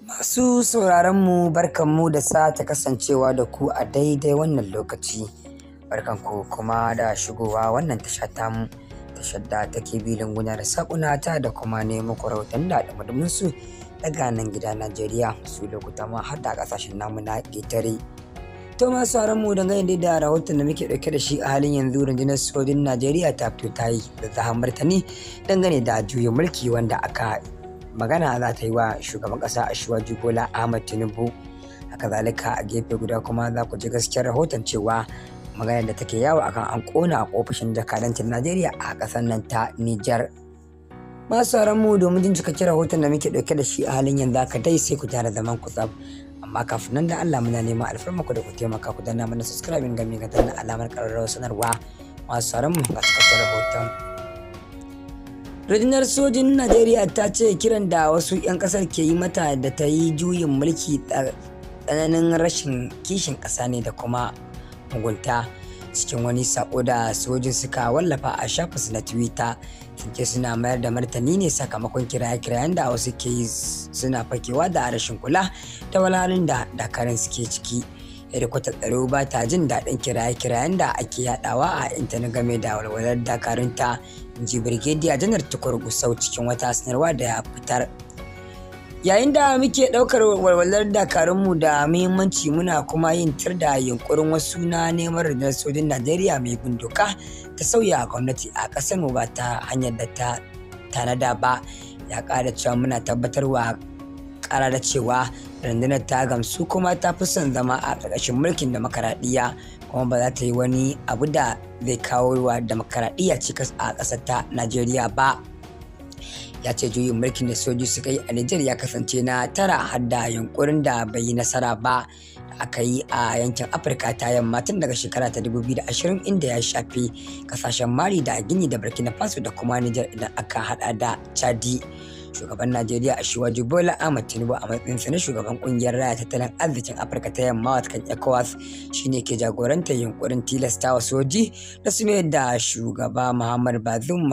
Masu sauraronmu barkanmu da sata kasancewa da ku a daidai wannan lokaci. Barkanku kuma da shigowa wannan tasha tamu tashar da take bilin gudanar da sakunata da kuma nemo kwarautan da da su daga nan gida Najeriya su lokuta ma har da kasashen namu na ƙetare. To masu mu dangane da rahoton da muke ɗauke da shi a halin yanzu rundunar sojin Najeriya ta fito ta yi da zahan martani dangane da juyin mulki wanda aka magana za ta yi wa shugaban ƙasa Ashwaju Gola Ahmad Tinubu. a zalika a gefe guda kuma za ku ji gaskiyar rahoton cewa magana da take yawo akan an kona a ofishin jakadancin Najeriya a kasar nan ta Nijar. Masu mu domin jin cikakken rahoton da muke ɗauke da shi a halin yanzu haka dai sai ku tara zaman ku tsab amma kafin nan da Allah muna neman alfarma ku da ku taimaka ku danna mana subscribing game ga danna alamar ƙararrawar sanarwa masu sauran mu ga cikakken rahoton. rundunar sojin najeriya ta ce kiran da wasu 'yan kasar ke yi mata da ta yi juyin mulki tsananin rashin kishin ƙasa ne da kuma mugunta cikin wani sako da sojin suka wallafa a shafinsu na twitter suke suna mayar da martani ne sakamakon kiraye-kirayen da wasu ke yi suna fakewa da rashin kula ta walarin da dakarin suke ciki hedikwatar tsaro ba ta jin daɗin kiraye-kirayen da ake yadawa a intanet game da walwalar dakarunta in ji birgediya janar tukur cikin wata sanarwa da ya fitar yayin da muke ɗaukar walwalar dakarunmu da muhimmanci muna kuma yin tar da yunkurin wasu na neman rundunar sojin najeriya mai bindoka ta sauya gwamnati a ƙasarmu ba ta hanyar da ta tanada ba ya ƙara cewa muna tabbatarwa ƙara da cewa rundunar ta gamsu kuma ta fi son zama a ƙarƙashin mulkin demokaradiyya kuma ba za ta yi wani abu da zai kawo wa demokaradiyya cikas a ƙasar ta najeriya ba ya ce juyin mulkin da soji suka yi a Nijar ya kasance na tara har da yunkurin da bai yi nasara ba da aka yi a yankin Afirka ta yamma tun daga shekara ta 2020 inda ya shafi kasashen Mali da Gini da Burkina Faso da kuma Nijar idan aka hada da Chadi. shugaban Najeriya a Ashwaji Bola Ahmed Tinubu a matsayinsa na shugaban kungiyar raya tattalin arzikin Afirka ta Yamma watakan ECOWAS shine ke jagorantar yunkurin tilastawa soji da su da shugaba Muhammad Bazoum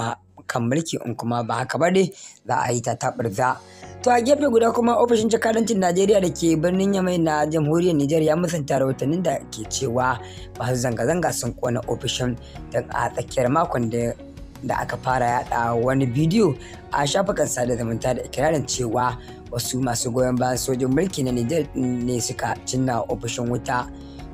kan mulki in kuma ba haka ba dai za a yi ta za. To a gefe guda kuma ofishin jakadancin Najeriya da ke birnin Yamai na jamhuriyar Nijar ya musanta rahotannin da ke cewa masu zanga-zanga sun kona ofishin don a tsakiyar makon da da aka fara yada wani bidiyo a shafukan sada zumunta da ikirarin cewa wasu masu goyon bayan sojin mulki na Nijar ne suka cinna ofishin wuta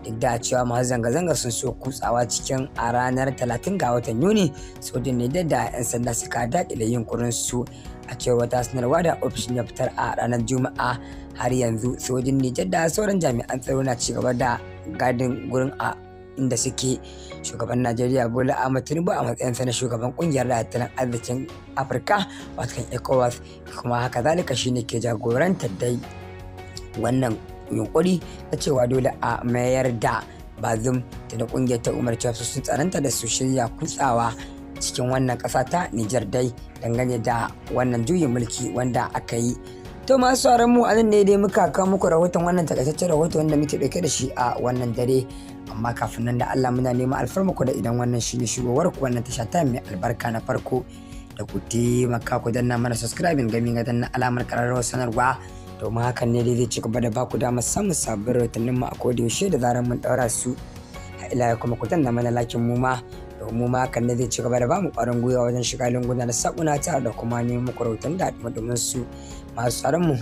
duk da cewa masu zanga-zanga sun so kutsawa cikin a ranar 30 ga watan Yuni sojin Nijar da 'yan sanda suka daƙile yunkurin su a cewar wata sanarwa da ofishin ya fitar a ranar Juma'a har yanzu sojin Nijar da sauran jami'an tsaro na cigaba da gadin gurin a inda suke shugaban najeriya bola Ahmed tinubu a matsayin sa, na shugaban kungiyar tattalin arzikin afirka watakan ecowas kuma haka zalika shine ke jagorantar dai wannan yunkuri na cewa dole a mayar da bazum da na kungiyar ta umarci su sun tsananta da su shirya kutsawa cikin wannan kasa ta Niger dai dangane da wannan juyin mulki wanda aka yi. To masu mu a nan ne dai muka kawo muku rahoton wannan takaitaccen rahoton da muke ɗauke da shi a wannan dare. amma kafin nan da Allah muna nema alfarmako da idan wannan shine shigowar ku wannan tasha ta mai albarka na farko da ku taimaka ku danna mana subscribing gami ga danna alamar kararrawar sanarwa domin hakan ne dai zai ci gaba da ba ku damar samun sabbin rahotannin mu a yaushe da zarar mun daura su ila kuma ku danna mana lakin mu ma domin ma hakan ne zai ci gaba da ba mu ƙwarin gwiwa wajen shiga lunguna da sakuna ta da kuma neman muku rahoton da domin su masu tsaron mu